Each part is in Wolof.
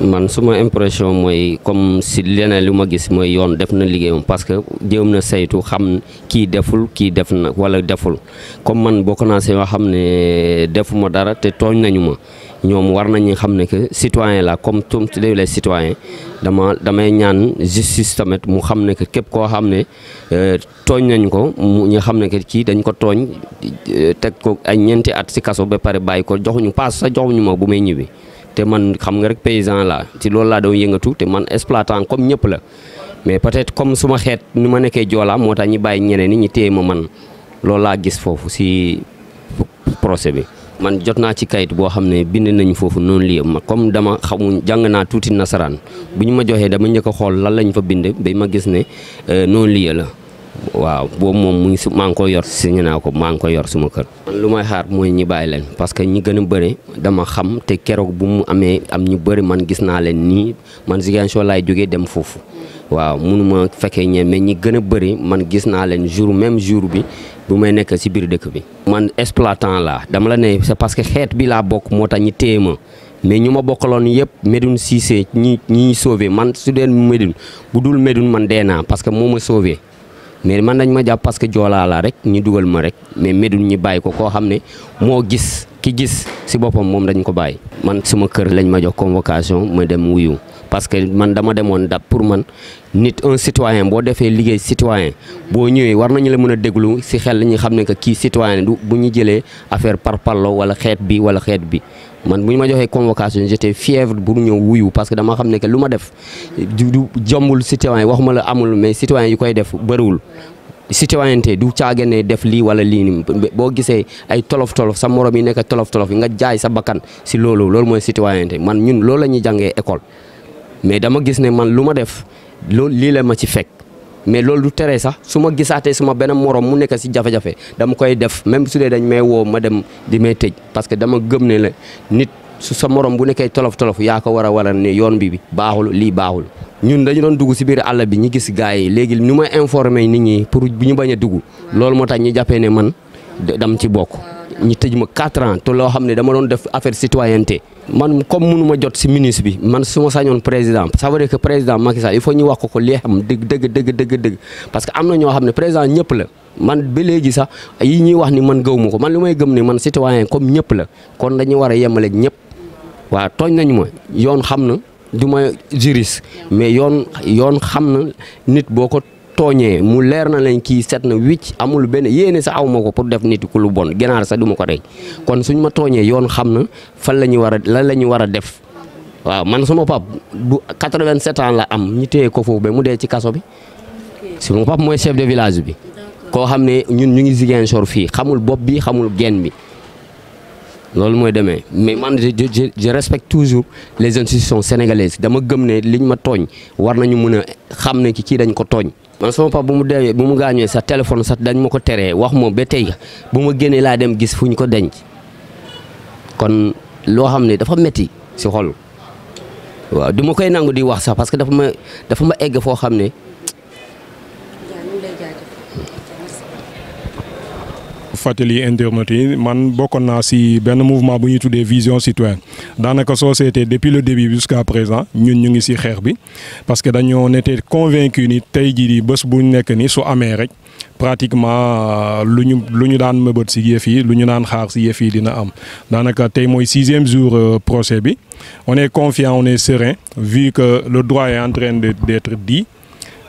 man suma impression mooy comme si leneen lu ma gis mooy yoon def na liggéeyam parce que jéem na saytu xam kii deful kii def na wala deful comme man bokk naa si yoo xam ne defuma dara te tooñ nañu ma ñoom war nañu xam ne que citoyen la comme tout les citoyens dama damay ñaan justice tamit xam ne que képp koo xam ne euh, tooñ nañu ko mu ñu xam ne que kii dañ ko tooñ euh, teg ko ay ñeenti at si kaso ba pare bàyyi ko joxuñu paas sa joxuñu ma bu may ñibbi. te man xam nga rek paysan laa ci loolu laa doon yëngatu te man exploitant comme ñëpp la mais peut-être comme ma xeet ni ma nekkee joolaa moo tax ñi bàyyi ñeneen ñi ñu téye ma man loolu laa gis foofu si procès bi. man jot naa ci kayit boo xam ne bind nañu foofu noonu lii ma comme dama xamu jàng naa tuuti nasaraan bu ñu ma joxee dama njëkk a xool lan lañ fa bind ba ma gis ne euh, noonu lii la. waaw boobu moom mu ngi si maa ngi ko yor signé naa ko maa yor suma kër. lu may xaar mooy ñi bàyyi leen parce que ñi gën a bëri dama xam te keroog bu mu amee am ñu bëri man gis naa leen nii man Ziguinchor laay jógee dem foofu. waaw mënuma fekkee ñeen ñi gën a bëri man gis naa leen jour même jour bi bu may nekk si biir dëkk bi. man exploitant laa dama la ne c'est parce que xeet bi laa bokk moo tax ñi téye ma mais ñu ma bokkaloon yëpp Médoune Cissé ñi ñi sauvé man su dee Médoune bu dul Médoune man dee naa parce que moo ma sauvé. mais man dañ ma jàpp parce que joolaa rek ñu dugal ma rek mais medul ñi bàyyi ko koo xam ne moo gis ki gis si boppam moom dañ ko bàyyi. man sama kër lañ ma jox convocation ma dem wuyu parce que man dama demoon da pour man nit un citoyen boo defee liggéey citoyen boo ñëwee war nañu la mën a déglu si xel la ñu xam ne que kii citoyen bu ñu jëlee affaire par parlo wala xeet bi wala xeet bi man bu ñu ma joxee convocation j'étais fièvre pour ñëw wuyu parce que dama xam ne que lu ma def du du jombul citoyen waxuma la amul mais citoyen yu koy def bëriwul citoyenneté du caagane def lii wala lii nii boo gisee ay tolof tolof sa moroom yi nekk tolof yi nga jaay sa bakkan si loolu loolu mooy citoyenneté man ñun la ñuy jàngee école mais dama gis ne man lu ma def loolu lii la ma ci fekk mais loolu du tere sax su ma gisaatee suma beneen morom mu nekk si jafe-jafe dama koy def même su dee dañ may woo ma dem di may tëj parce que dama gëm ne la nit su sa morom bu nekkee tolof tolof yaa ko war a waral ne yoon bi bi baaxul lii baaxul. ñun dañu doon dugg si biir àll bi ñu gis gars yi léegi ñu ma informé nit ñi pour bu ñu bañ a dugg loolu moo tax ñu jàppee ne man dam ci bokk. ñu tëj ma quatre ans te loo xam ne dama doon def affaire citoyenneté man comme mënu ma jot si ministre bi man su ma sañoon président ça veut dire que président Macky Sall il faut ñu wax ko ko li xam dëgg dëgg dëgg dëgg parce que am na ñoo xam ne président ñëpp la man ba léegi sax yi ñuy wax ni man gëw ma ko man li may gëm ne man citoyen comme ñëpp la kon dañu war a yemale ñëpp waa tooñ nañu ma yoon xam na du ma juriste mais yoon yoon xam na nit boo ko tooñee mu leer na leen kii set na wicc amul benn yéene sa aw ma ko pour def nit ku lu bon ganaar sa duma ko rey kon suñ ma tooñee yoon xam na fan la ñu war a lan la ñu war a def waaw man sama pap du 87 ans la am ñu téye ko foofu ba mu dee ci kaso bi sama pap mooy chef de village bi koo xam ne ñun ñu ngi Ziguinchor fii xamul bopp bi xamul genn bi loolu mooy demee mais man je je je respecte toujours les institutions sénégalaises dama gëm ne liñ ma tooñ war nañu mën a xam ne ki kii dañ ko tooñ. man sama papa bu mu deewee bu mu gaañee sax téléphone sax dañ ma ko teree wax ma ba tey bu ma génnee laa dem gis fu ñu ko denc kon loo xam ne dafa metti si xol waaw du ma koy nangu di wax sax parce que dafa ma dafa ma egg foo xam ne. fàttali internautes yi man bokkoon naa si benn mouvement bu ñuy tuddee vision citoyenne daanaka société depuis le début jusqu'à présent ñun ñu ngi si xeex bi parce que dañoo n'était convaincu ni tey jii di bés bu nekk ni su amee rek pratiquement euh, lu ñu lu ñu daan mëbët si yëf yi lu ñu daan xaar si yëf yi dina am daanaka tey mooy sixième jour euh, procès bi on est confiant on est serein vu que le droit est en train d'être dit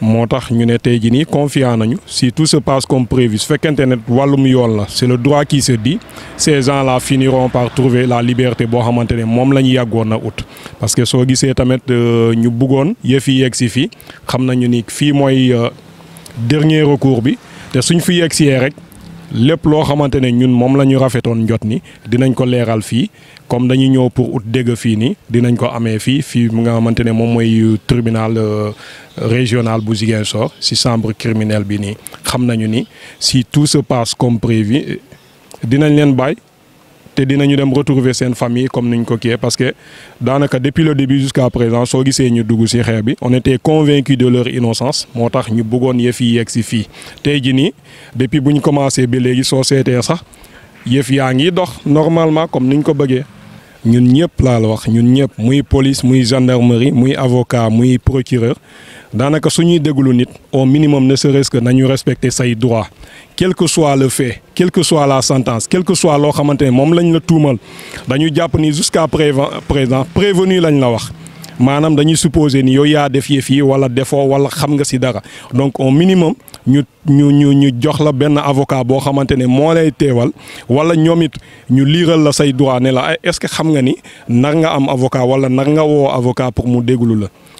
motax ñu ne tay ji ni confiant nañu si tout se passe comme prévu su fekkente ne walum yoon la c'est le droit qui se dit ces gens-là finiront par trouver la liberté bo xamantene mom lañu a ñu parce que so gisee tamet euh, ñu bëggoon yefi yi yegg si fii ni fi moy euh, dernier recours bi té suñ fi yegg si rek lepp lo xamantene ñun mom lañu njot ni dinañ ko léral fi comme dañuy ñëw pour out dégg fi ni dinañ ko amé fi fi nga xamante ne moom tribunal euh, régional bu Ziguinchor si chambre criminelle bi ni xam nañu ni si tout se passe comme prévu dinañ leen bay té dinañu dem retrouver sen famille comme niñ ko kié parce que danaka depuis le début jusqu'à présent so gisé ñu dugg ci xeex bi on était convaincu de leur innocence motax ñu bëggone yëf yi yegg si fii tey ji depuis buñ commencé ba légui soo seetee sax yef yaangi dox normalement comme niñ ko bëggé ñun ñëpp laa la wax ñun ñëpp muy police muy gendarmerie muy avocat muy procureur daanaka su nous déglu nit au minimum ne serait-ce que nañu respecter say droits quel que soit le fait quelle que soit la sentence quel que soit loo xamante ne moom lañ la tuumal dañu jàpp ni jusqu'à présent prévenu lañ la wax manam dañuy supposé ni yow ya def yëf yi wala defo wala xam nga si dara donc au minimum ñu ñu ñu ñu jox la ben avocat bo xamantene ne lay téwal wala ñomit ñu liral la say droit né la eh, est-ce que xam nga ni nar nga am avocat wala nar nga wo avocat pour mu déglu la.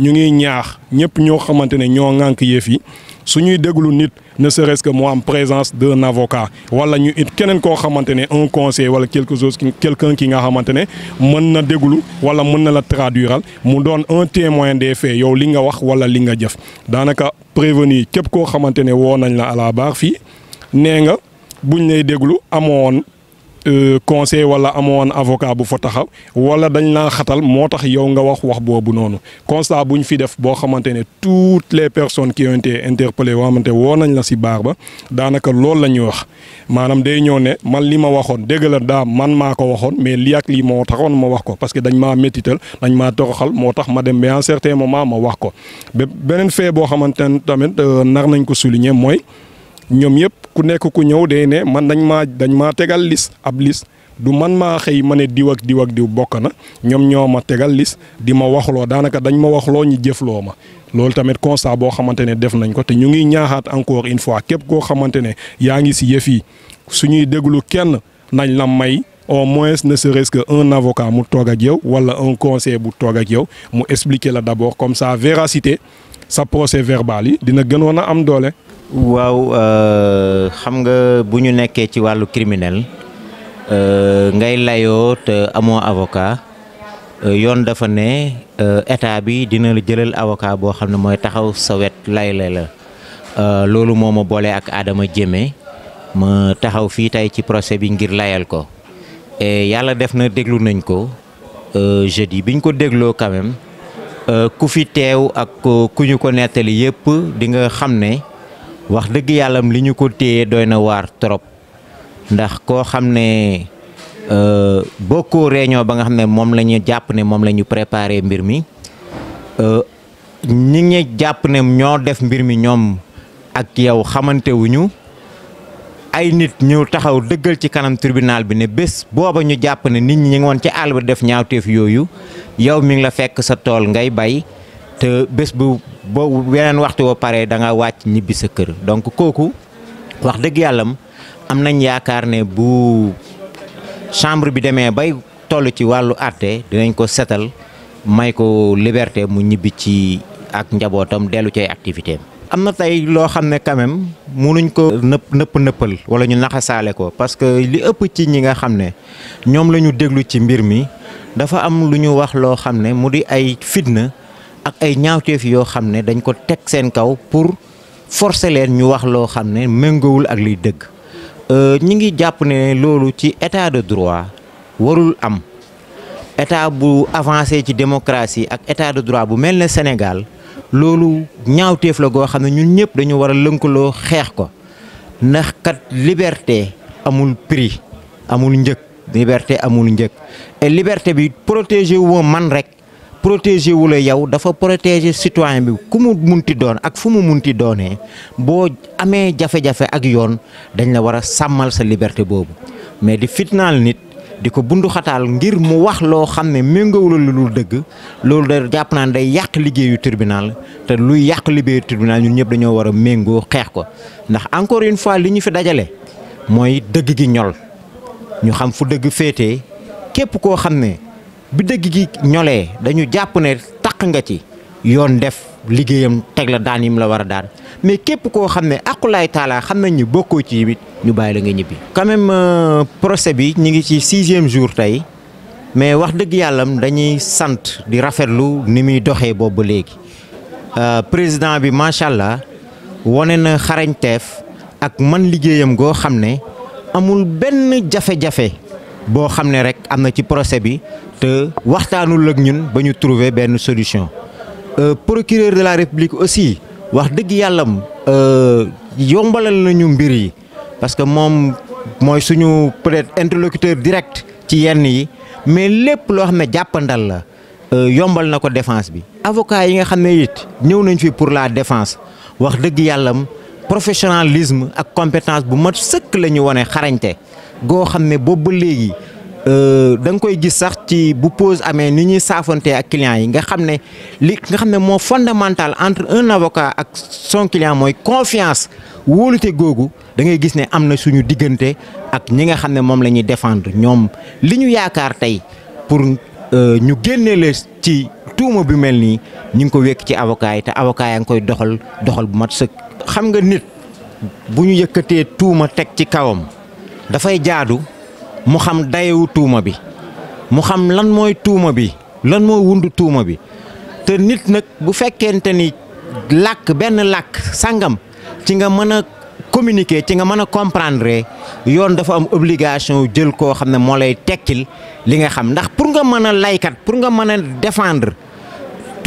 ñu ngi ñaax ñëpp ñoo xamantene ne ñoo ŋànk yëf suñuy su déglu nit ne serait-ce que moi en présence d'un avocat wala ñu it kenen ko xamantene un conseil wala quelque chose quelqu'un qui nga xamantene mën na déglu wala mën na la traduire mu don un témoin des faits yow li nga wax wala li nga jëf danaka prévenir képp ko xamantene wo nañ la à la barre fii nee nga buñ lay déglu amoon euh, conseil wala amone avocat bu fa taxaw wala dañ la xatal motax yow nga wax wax bobu nonou constat buñ fi def bo xamantene toutes les personnes qui ont été interpellées woo wonañ la ci baar ba daanaka loolu la wax manam day ñëw ne man li ma waxoon dégg la da man mako waxon mais li ak li mo taxon ma wax ko parce que dañ ma metitel dañ ma toroxal motax ma dem mais en certain moment ma wax ko benen fait bo xamantene tamit euh, nar nañ ko souligner moy ñom yëpp ku nekk ku ñëw day ne man dañ maa dañ maa tegal liste ab liste du man maa xëy ma ne diw ak diw ak diw bokk na ñoom ñoo ma tegal liste di ma waxloo daanaka dañ ma waxloo ñu jëfloo ma. loolu tamit constat boo xamante ne def nañ ko te ñu ngi ñaaxaat encore une fois képp koo xamante ne yaa ngi si yëf yi suñuy déglu kenn nañ la may. au moins ne serait-ce que un avocat mu toog ak yow wala un conseil bu toog ak yow mu expliquer la d'abord comme ça véracité sa procès verbal yi dina gënoon a am doole waaw euh, xam nga bu ñu nekkee ci wàllu criminel euh, ngay layoo te amoo avocat euh, yoon dafa ne état bi dina la jëlal avocat boo xam ne mooy taxaw sa wet lay la la loolu moo ma boole ak aadama jéme ma taxaw fii tey ci procès bi ngir layal ko yàlla def na déglu nañ ko jeudi biñ ko dégloo quand même ku fi teew ak ku ñu ko nettali yëpp dinga xam ne. wax dëgg Alam li ñu ko téye doy na trop ndax koo xam ne euh, bokkoo réunion ba nga xam ne moom la ñu jàpp ne moom la ñu mbir mi euh, ñi ngi jàpp ne ñoo def mbir mi ñoom ak yow xamante wuñu ay nit ñëw taxaw ci kanam tribunal bi ne bés banyu ñu jàpp ne nit ñi ngi ci def ñaawteef yooyu yow mi ngi la fekk sa tool ngay bay te bés bu ba weneen waxtu wa pare da nga wàcc ñibbi sa kër donc kooku wax dëgg am nañ bu chambre bi demee bay toll ci wàllu àtte dinañ ko setal may ko liberté mu ñibbi ci ak njabootam dellu ci activité am na tey loo quand même munuñ ko wala ñu naxasaale ko parce que li ëpp ci ñi nga xam ne déglu ci mbir mi dafa am lu ñu wax loo xam ay fitna ak ay ñaawteef yoo xam ne dañ ko teg seen kaw pour forcer leen ñu wax loo xam ne méngowul ak liy dëgg euh, ñi ngi jàpp ne loolu ci état de droit warul am état bu avancé ci démocratie ak état de droit bu mel ne Sénégal loolu ñaawteef la goo xam ne ñun ñëpp dañu war a lënkaloo xeex ko ndax kat liberté amul prix amul njëg liberté amul njëg et liberté bi protéger man rek protéger wu yow dafa protéger citoyen bi ku mu munti doon ak fu mu munti doonee boo amee jafe-jafe ak yoon dañ la war a sàmmal sa liberté boobu mais di fitnaal nit di ko bundu xataal ngir mu wax loo xam ne méngawul lu dëgg loolu da jàpp naa ne day yàq liggéeyu tribunal te luy yàq liggéeyu tribunal ñu ñëpp dañoo war a méngoo xeex ko ndax encore une fois li ñu fi dajale mooy dëgg gi ñol ñu xam fu dëgg féetee képp koo xam ne bi dëgg gi ñolee dañu jàpp ne taq nga ci yoon def liggéeyam teg la daan yim la war a daan mais képp koo xam ne akulaay taalaa xam nañ ñu bokkoo ci it ñu bàyyi la nga ñibbi. quand même euh, procès bi ñu ngi ci sixième jour tey mais wax dëgg yàlla dañuy sant di rafetlu ni muy doxee boobu léegi euh, président bi macha allah wane na xarañteef ak man liggéeyam goo xam ne amul benn jafe-jafe. boo xam rek am ci procès bi te waxtaanul ak ñun ba ñu trouver benn solution euh, procureur de la république aussi wax dëgg yàllam euh, yombalal nañu mbir yi parce que moom mooy suñu peut-être interlocuteur direct ci yenn yi mais lépp loo xam ne jàppandal la euh, yombal na défense bi avocat yi nga xamné ne ñew nañ fi pour la défense wax deug yàllam professionnalisme ak compétence bu mat seuk lañu woné wone goo xam ne boobu léegi euh, da nga koy gis sax ci bu pose amee ni ñuy saafante ak client yi nga xam ne li nga xam ne moo fondamental entre un avocat ak son client mooy confiance wóolute googu da ngay gis ne am na suñu diggante ak ñi nga xam ne moom la ñuy défendre ñoom li ñu yaakaar tey pour euh, ñu génnee la ci tuuma bi mel nii ñu ngi ko wekk ci avocat yi te avocat yaa ngi koy doxal doxal bu mat sëkk. xam nga nit bu ñu yëkkatee tuuma teg ci kawam. dafay jaadu mu xam dayewu tuuma bi mu xam lan mooy tuuma bi lan mooy wundu tuuma bi te nit nag bu fekkente ni làkk benn làkk sàngam ci nga mën a communiquer ci nga mën a comprendre yoon dafa am obligation jël koo xam ne moo lay tekkil li nga xam ndax pour nga mën a laykat pour nga mën a défendre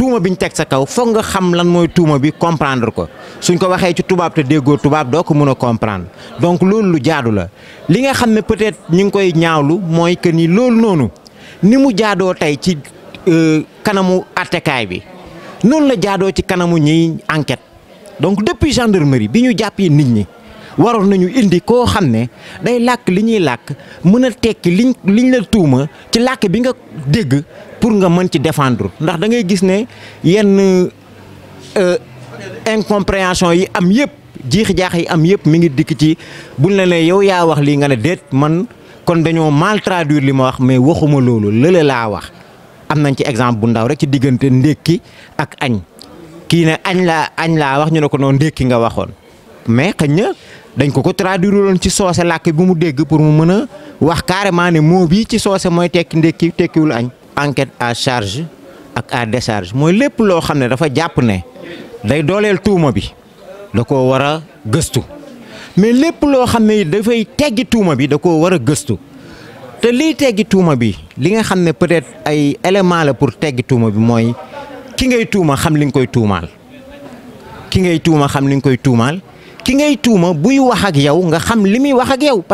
tuuma ñu teg sa kaw foog nga xam lan mooy tuuma bi comprendre ko suñ ko waxee ci tubaab te déggoo tubaab doo ko mën a comprendre donc loolu lu jaadu la li nga xam ne peut-être ñu ngi koy ñaawlu mooy que ni loolu noonu ni mu jaadoo tey ci euh, kanamu attekaay bi noonu la jaadoo ci kanamu ñiy enquête donc depuis gendarmerie bi ñu jàppee nit ñi waroon nañu indi koo xam ne day làkk li ñuy làkk mën a tekki liñ liñ la tuuma ci làkk bi nga dégg pour nga mën ci defendre ndax da ngay gis ne yenn euh, incompréhension yi am yëpp jiix jaax yi am yëpp mu ngi dikk ci buñ la ne yow yaa wax lii nga ne déet man kon dañoo mal traduire li ma wax mais waxuma loolu lële laa wax am nañ ci exemple bu ndaw rek ci diggante ndékki ak añ kii ne añ laa añ laa wax ñu ne ko noonu ndékki nga waxoon mais xëñ na dañ ko ko traduire loon ci soose làkk bi mu dégg pour mu mën a wax carrément ne moo bii ci soose mooy tekki ndékki tekkiwul añ enquête à charge ak à décharge mooy lépp loo xam ne dafa jàpp ne day dooleel tuuma bi da koo war a gëstu mais lépp loo xam ne dafay teggi bi da koo war a gëstu te liy teggi tuuma bi li nga xam ne peut-être ay élément la pour teggi tuuma bi mooy ki ngay tuuma xam li nga koy tuumaal ki ngay tuuma koy tuumaal buy wax ak nga xam li muy wax ak yow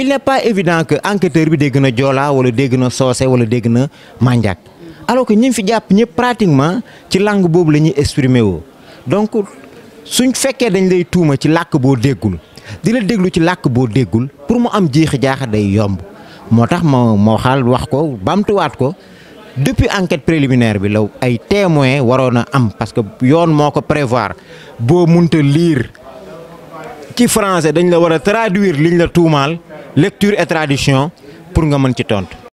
il n'est pas évident bi dégg na Joola wala dégg na Soose wala dégg na Manjak alors que ñi fi jàpp ñëpp pratiquement ci langue boobu la ñuy exprimer woo donc suñ fekkee dañ lay tuuma ci làkk boo déggul di la déglu ci làkk boo déggul pour mu am jeexi jaaxa day yomb moo tax ma moo xaal wax ko bamtuwaat ko depuis enquête préliminaire bi la ay témoins waroon a am parce que yoon moo ko prévoir boo munta liir ci français dañ la war a traduire liñ la tuumaal lecture et traduction pour nga mën ci tontu.